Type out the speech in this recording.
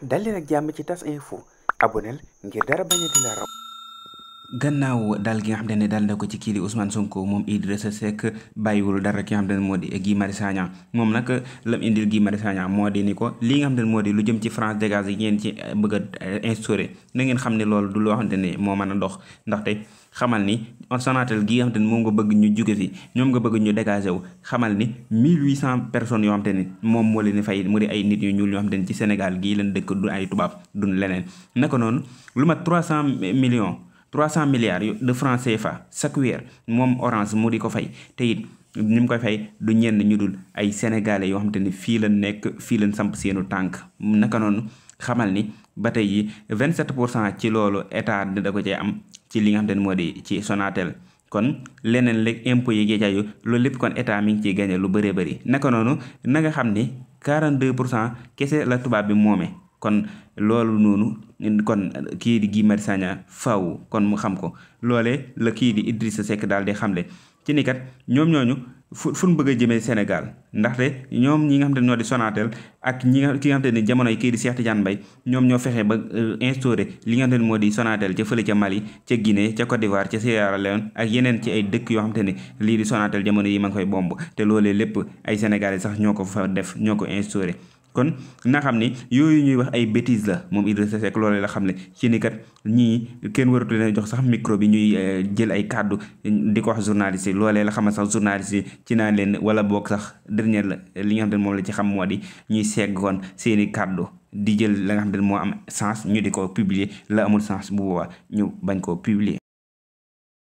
dal leen ak jàmm ci tas info aboneel ngir dara bañ a la raw gannaaw daal gi nga xam ne daal na ko ci kii di Ousmane Sonko moom Idrissa Seck bàyyiwul dara ki nga xam ne moo moom nag lam indil Guy Marius Sagna moo di ni ko li nga xam moo di lu jëm ci France dégage yi ngeen ci euh, bëgg a euh, instauré na ngeen xam loolu du loo xam ne moo mën a dox ndaxte xamal ni Sonatel gi nga xam moom nga bëgg ñu jóge si ñoom nga bëgg ñu dégagé wu xamal ni cent personnes yoo xam te ni moom moo leen fay mu di ay nit yu ñuul yoo xam te ni ci Sénégal gii leen dëkk du ay tubaab du leneen naka noonu lu ma mat 300 million cent milliards de francs CFA chaque weer moom orange mu di ko fay te it ni koy fay du ñenn ñu dul ay sénégalais yoo xam ni fii la nekk fii la samp seenu tànk naka noonu xamal ni ba tey yi 27 pour cent ci loolu état da ko cee am ci li nga xam te ne moo di ci Sonatel kon leneen léeg impôts yi gee jaayu loolu lépp kon état mi ngi ciy gagné lu bëree bëri naka noonu na nga xam ni 42 pour cent kese la tubaab bi moomee. kon loolu noonu kon kii di Guy Marius Sagna faaw kon mu xam ko loolee la kii di Idrissa Seck daal di xamle ci ni kat ñoom ñu fu fu ñu bëgg a jëmee Sénégal ndaxte ñoom ñi nga xam te ñoo di Sonatel ak ñi nga ki ni jamono yi kii di Cheikh Tidiane ñoom ñoo fexe ba euh, instauré li nga xam moo di Sonatel ca fële ca Mali ca Guinée ca Côte d'Ivoire ca Sierra ak yeneen ci ay dëkk yoo xam te ne lii jamono yi ma ngi koy bomb te loolee lépp ay Sénégalais sax ñoo ko fa def ñoo ko instauré kon na xam ni yooyu ñuy wax ay bêtises la moom sa Seck loolee la xam ne ci ni kat ñii kenn waratu leen jox sax micro bi ñuy euh, jël ay kàddu di ko wax journaliste loolee la xam xamal sax journaliste yi ci naa leen wala boog sax dernière la li nga xam ne moom la ci xam moo di ñuy seggoon seeni kàddu di jël la nga xam ne moo am sens ñu di ko publier la amul sens bu boobaa ñu bañ koo publier.